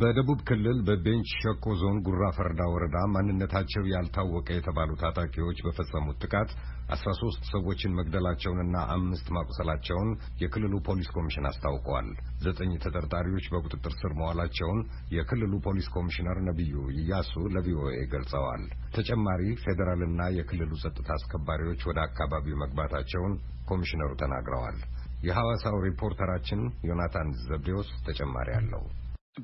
በደቡብ ክልል በቤንች ሸኮ ዞን ጉራ ፈርዳ ወረዳ ማንነታቸው ያልታወቀ የተባሉ ታጣቂዎች በፈጸሙት ጥቃት አስራ ሶስት ሰዎችን መግደላቸውንና አምስት ማቁሰላቸውን የክልሉ ፖሊስ ኮሚሽን አስታውቀዋል። ዘጠኝ ተጠርጣሪዎች በቁጥጥር ስር መዋላቸውን የክልሉ ፖሊስ ኮሚሽነር ነቢዩ እያሱ ለቪኦኤ ገልጸዋል። ተጨማሪ ፌዴራልና የክልሉ ጸጥታ አስከባሪዎች ወደ አካባቢው መግባታቸውን ኮሚሽነሩ ተናግረዋል። የሐዋሳው ሪፖርተራችን ዮናታን ዘብዴዎስ ተጨማሪ አለው።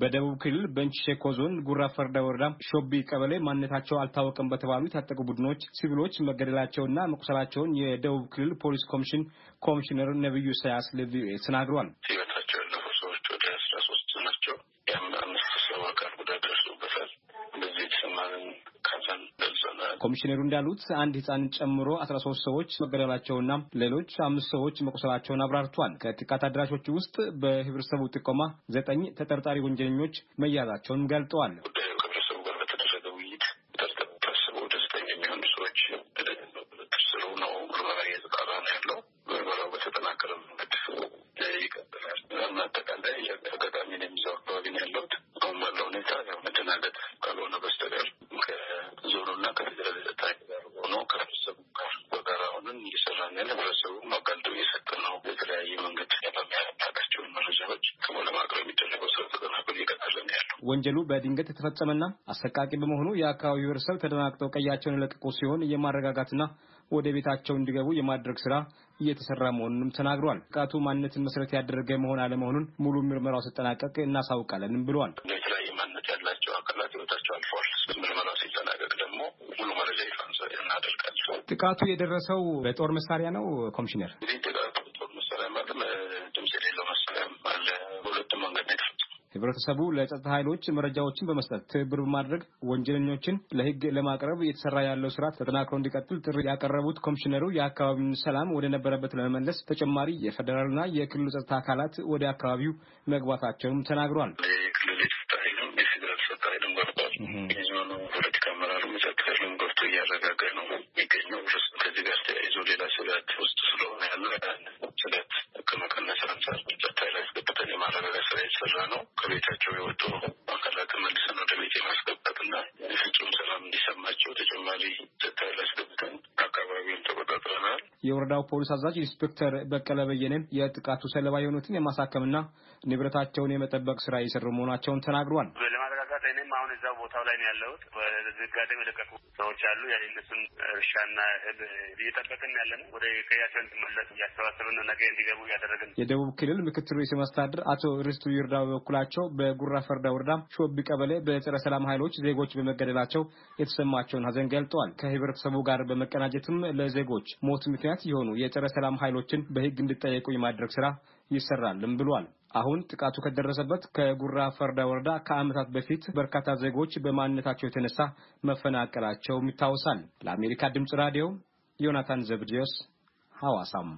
በደቡብ ክልል ቤንች ሸኮ ዞን ጉራ ፈርዳ ወረዳ ሾቢ ቀበሌ ማንነታቸው አልታወቀም በተባሉ የታጠቁ ቡድኖች ሲቪሎች መገደላቸውና መቁሰላቸውን የደቡብ ክልል ፖሊስ ኮሚሽን ኮሚሽነር ነቢዩ ሰያስ ለቪኦኤ ተናግሯል። ኮሚሽነሩ እንዳሉት አንድ ህፃን ጨምሮ 13 ሰዎች መገደላቸውና ሌሎች አምስት ሰዎች መቁሰላቸውን አብራርቷል። ከጥቃት አድራሾች ውስጥ በህብረተሰቡ ጥቆማ ዘጠኝ ተጠርጣሪ ወንጀለኞች መያዛቸውን ገልጠዋል። ይህንን ህብረተሰቡ አጋልጦ እየሰጠ ነው። በተለያየ መንገድ በሚያመጣቃቸውን መረጃዎች ክሞ ለማቅረብ የሚደረገው ስራ ተጠናክሮ እየቀጠለ ነው ያለው። ወንጀሉ በድንገት የተፈጸመና አሰቃቂ በመሆኑ የአካባቢው ህብረተሰብ ተደናግጠው ቀያቸውን የለቀቁ ሲሆን የማረጋጋትና ወደ ቤታቸው እንዲገቡ የማድረግ ስራ እየተሰራ መሆኑንም ተናግሯል። ጥቃቱ ማንነትን መሰረት ያደረገ መሆን አለመሆኑን ሙሉ ምርመራው ስጠናቀቅ እናሳውቃለንም ብሏል። የተለያየ ማንነት ያላቸው አካላት ህይወታቸው አልፏል። ምርመራው ሲጠናቀቅ ደግሞ ሙሉ መረጃ እናደርጋቸው። ጥቃቱ የደረሰው በጦር መሳሪያ ነው ኮሚሽነር። ህብረተሰቡ ለጸጥታ ኃይሎች መረጃዎችን በመስጠት ትብብር በማድረግ ወንጀለኞችን ለህግ ለማቅረብ እየተሰራ ያለው ስራ ተጠናክሮ እንዲቀጥል ጥሪ ያቀረቡት ኮሚሽነሩ የአካባቢውን ሰላም ወደ ነበረበት ለመመለስ ተጨማሪ የፌዴራልና የክልሉ ጸጥታ አካላት ወደ አካባቢው መግባታቸውም ተናግሯል። ክፍልም ገብቶ እያረጋገ ነው የሚገኘው። ውስጥ ከዚህ ጋር ተያይዞ ሌላ ስጋት ውስጥ ስለሆነ ያለ ስጋት ከመቀነስ አንጻር ጸጥታ ላይ አስገብተን የማረጋጋት ስራ የተሰራ ነው። ከቤታቸው የወጡ አካላትን መልሰን ወደ ቤት የማስገባት እና ፍጹም ሰላም እንዲሰማቸው ተጨማሪ ጸጥታ ላይ አስገብተን አካባቢውን ተቆጣጥረናል። የወረዳው ፖሊስ አዛዥ ኢንስፔክተር በቀለ በየነ የጥቃቱ ሰለባ የሆኑትን የማሳከምና ንብረታቸውን የመጠበቅ ስራ የሰሩ መሆናቸውን ተናግሯል። በብዛት እኔም አሁን እዛው ቦታው ላይ ነው ያለሁት። በዝጋዴ የለቀቁ ሰዎች አሉ። ያ እነሱን እርሻና እህል እየጠበቅን ያለ ነው። ወደ ቀያቸው እንዲመለሱ እያሰባሰብን ነገ እንዲገቡ እያደረግን። የደቡብ ክልል ምክትል ርዕሰ መስተዳድር አቶ ርስቱ ይርዳ በበኩላቸው በጉራ ፈርዳ ወረዳ ሾቢ ቀበሌ በጸረ ሰላም ኃይሎች ዜጎች በመገደላቸው የተሰማቸውን ሀዘን ገልጠዋል። ከህብረተሰቡ ጋር በመቀናጀትም ለዜጎች ሞት ምክንያት የሆኑ የጸረ ሰላም ኃይሎችን በህግ እንዲጠየቁ የማድረግ ስራ ይሰራልም ብሏል። አሁን ጥቃቱ ከደረሰበት ከጉራ ፈርዳ ወረዳ ከዓመታት በፊት በርካታ ዜጎች በማንነታቸው የተነሳ መፈናቀላቸውም ይታወሳል። ለአሜሪካ ድምፅ ራዲዮ ዮናታን ዘብዲዮስ ሐዋሳም